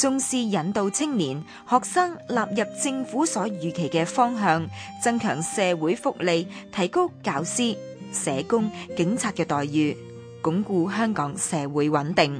重視引導青年學生納入政府所預期嘅方向，增強社會福利，提高教師、社工、警察嘅待遇，鞏固香港社會穩定。